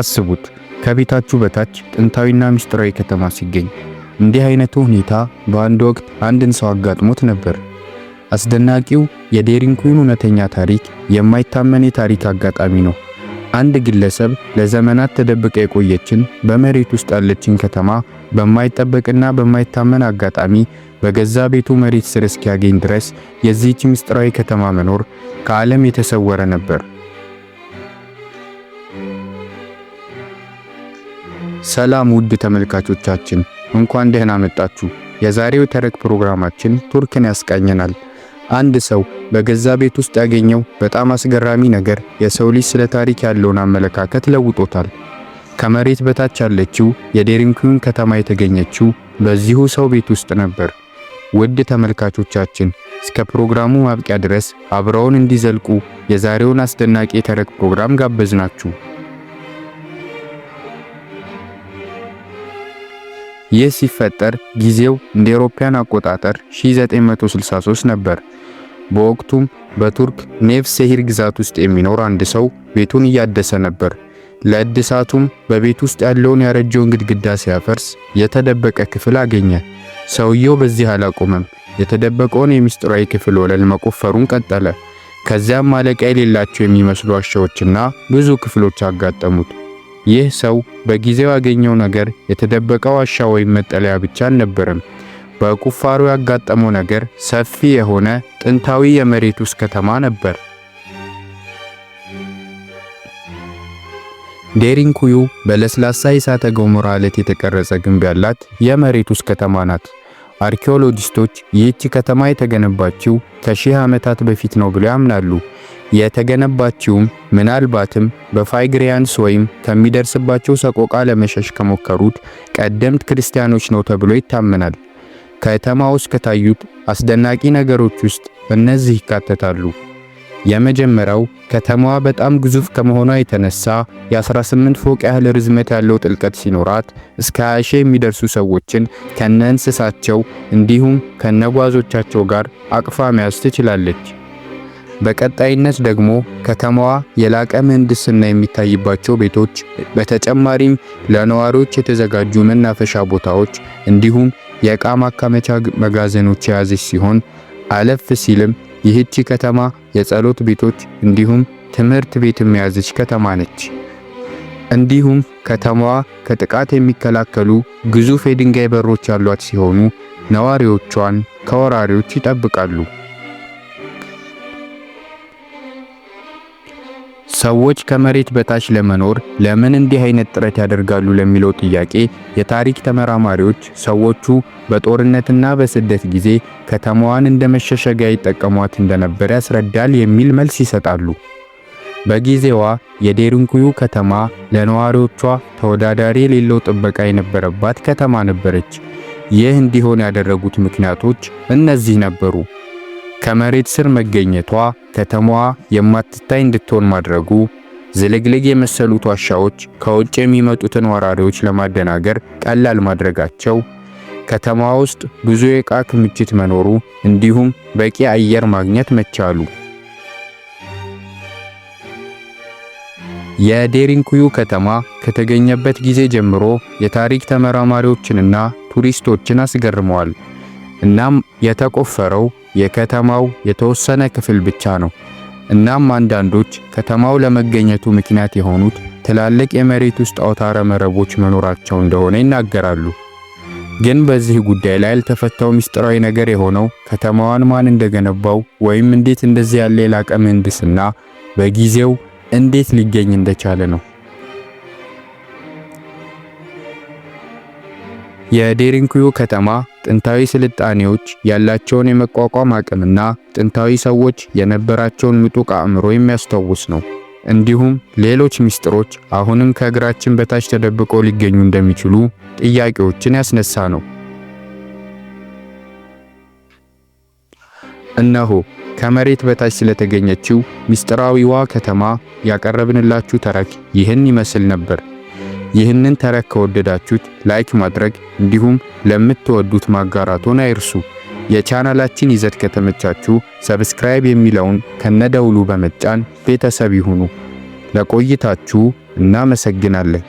አስቡት ከቤታችሁ በታች ጥንታዊና ምስጢራዊ ከተማ ሲገኝ። እንዲህ አይነቱ ሁኔታ በአንድ ወቅት አንድን ሰው አጋጥሞት ነበር። አስደናቂው የዴሪንኩን እውነተኛ ታሪክ የማይታመን የታሪክ አጋጣሚ ነው። አንድ ግለሰብ ለዘመናት ተደብቃ የቆየችን በመሬት ውስጥ ያለችን ከተማ በማይጠበቅና በማይታመን አጋጣሚ በገዛ ቤቱ መሬት ስር እስኪያገኝ ድረስ የዚህች ምስጢራዊ ከተማ መኖር ከዓለም የተሰወረ ነበር። ሰላም ውድ ተመልካቾቻችን እንኳን ደህና መጣችሁ። የዛሬው ተረክ ፕሮግራማችን ቱርክን ያስቃኘናል። አንድ ሰው በገዛ ቤት ውስጥ ያገኘው በጣም አስገራሚ ነገር የሰው ልጅ ስለ ታሪክ ያለውን አመለካከት ለውጦታል። ከመሬት በታች ያለችው የዴሪንኩን ከተማ የተገኘችው በዚሁ ሰው ቤት ውስጥ ነበር። ውድ ተመልካቾቻችን እስከ ፕሮግራሙ ማብቂያ ድረስ አብረውን እንዲዘልቁ የዛሬውን አስደናቂ የተረክ ፕሮግራም ጋበዝናችሁ። ይህ ሲፈጠር ጊዜው እንደ አውሮፓውያን አቆጣጠር 1963 ነበር። በወቅቱም በቱርክ ኔፍ ሴሂር ግዛት ውስጥ የሚኖር አንድ ሰው ቤቱን እያደሰ ነበር። ለእድሳቱም በቤት ውስጥ ያለውን ያረጀውን ግድግዳ ሲያፈርስ የተደበቀ ክፍል አገኘ። ሰውየው በዚህ አላቆመም። የተደበቀውን የሚስጢራዊ ክፍል ወለል መቆፈሩን ቀጠለ። ከዚያም ማለቂያ የሌላቸው የሚመስሉ ዋሻዎችና ብዙ ክፍሎች አጋጠሙት። ይህ ሰው በጊዜው ያገኘው ነገር የተደበቀው ዋሻ ወይም መጠለያ ብቻ አልነበረም። በቁፋሩ ያጋጠመው ነገር ሰፊ የሆነ ጥንታዊ የመሬት ውስጥ ከተማ ነበር። ዴሪንኩዩ በለስላሳ የእሳተ ገሞራ አለት የተቀረጸ ግንብ ያላት የመሬት ውስጥ ከተማ ናት። አርኪኦሎጂስቶች ይህች ከተማ የተገነባችው ከሺህ ዓመታት በፊት ነው ብለው ያምናሉ። የተገነባችውም ምናልባትም በፋይግሪያንስ ወይም ከሚደርስባቸው ሰቆቃ ለመሸሽ ከሞከሩት ቀደምት ክርስቲያኖች ነው ተብሎ ይታመናል። ከተማ ውስጥ ከታዩት አስደናቂ ነገሮች ውስጥ እነዚህ ይካተታሉ። የመጀመሪያው ከተማዋ በጣም ግዙፍ ከመሆኗ የተነሳ የ18 ፎቅ ያህል ርዝመት ያለው ጥልቀት ሲኖራት እስከ 20 ሺህ የሚደርሱ ሰዎችን ከነ እንስሳቸው እንዲሁም ከነጓዞቻቸው ጋር አቅፋ መያዝ ትችላለች። በቀጣይነት ደግሞ ከተማዋ የላቀ ምህንድስና የሚታይባቸው ቤቶች፣ በተጨማሪም ለነዋሪዎች የተዘጋጁ መናፈሻ ቦታዎች እንዲሁም የእቃ ማካመቻ መጋዘኖች የያዘች ሲሆን አለፍ ሲልም ይህቺ ከተማ የጸሎት ቤቶች እንዲሁም ትምህርት ቤት የሚያዘች ከተማ ነች። እንዲሁም ከተማዋ ከጥቃት የሚከላከሉ ግዙፍ የድንጋይ በሮች ያሏት ሲሆኑ ነዋሪዎቿን ከወራሪዎች ይጠብቃሉ። ሰዎች ከመሬት በታች ለመኖር ለምን እንዲህ አይነት ጥረት ያደርጋሉ ለሚለው ጥያቄ የታሪክ ተመራማሪዎች ሰዎቹ በጦርነትና በስደት ጊዜ ከተማዋን እንደ መሸሸጊያ ይጠቀሟት እንደነበር ያስረዳል የሚል መልስ ይሰጣሉ። በጊዜዋ የዴሩንኩዩ ከተማ ለነዋሪዎቿ ተወዳዳሪ የሌለው ጥበቃ የነበረባት ከተማ ነበረች። ይህ እንዲሆን ያደረጉት ምክንያቶች እነዚህ ነበሩ። ከመሬት ስር መገኘቷ ከተማዋ የማትታይ እንድትሆን ማድረጉ፣ ዝልግልግ የመሰሉት ዋሻዎች ከውጭ የሚመጡትን ወራሪዎች ለማደናገር ቀላል ማድረጋቸው፣ ከተማዋ ውስጥ ብዙ የዕቃ ክምችት መኖሩ፣ እንዲሁም በቂ አየር ማግኘት መቻሉ የዴሪንኩዩ ከተማ ከተገኘበት ጊዜ ጀምሮ የታሪክ ተመራማሪዎችንና ቱሪስቶችን አስገርመዋል። እናም የተቆፈረው የከተማው የተወሰነ ክፍል ብቻ ነው። እናም አንዳንዶች ከተማው ለመገኘቱ ምክንያት የሆኑት ትላልቅ የመሬት ውስጥ አውታረ መረቦች መኖራቸው እንደሆነ ይናገራሉ። ግን በዚህ ጉዳይ ላይ ያልተፈታው ምስጢራዊ ነገር የሆነው ከተማዋን ማን እንደገነባው ወይም እንዴት እንደዚህ ያለ የላቀ ምህንድስና በጊዜው እንዴት ሊገኝ እንደቻለ ነው። የዴሪንኩዩ ከተማ ጥንታዊ ስልጣኔዎች ያላቸውን የመቋቋም አቅምና ጥንታዊ ሰዎች የነበራቸውን ምጡቅ አእምሮ የሚያስታውስ ነው። እንዲሁም ሌሎች ምስጢሮች አሁንም ከእግራችን በታች ተደብቀው ሊገኙ እንደሚችሉ ጥያቄዎችን ያስነሳ ነው። እነሆ ከመሬት በታች ስለተገኘችው ምስጢራዊዋ ከተማ ያቀረብንላችሁ ተረክ ይህን ይመስል ነበር። ይህንን ተረክ ከወደዳችሁት ላይክ ማድረግ እንዲሁም ለምትወዱት ማጋራቶን አይርሱ። የቻናላችን ይዘት ከተመቻችሁ ሰብስክራይብ የሚለውን ከነደውሉ በመጫን ቤተሰብ ይሁኑ። ለቆይታችሁ እናመሰግናለን።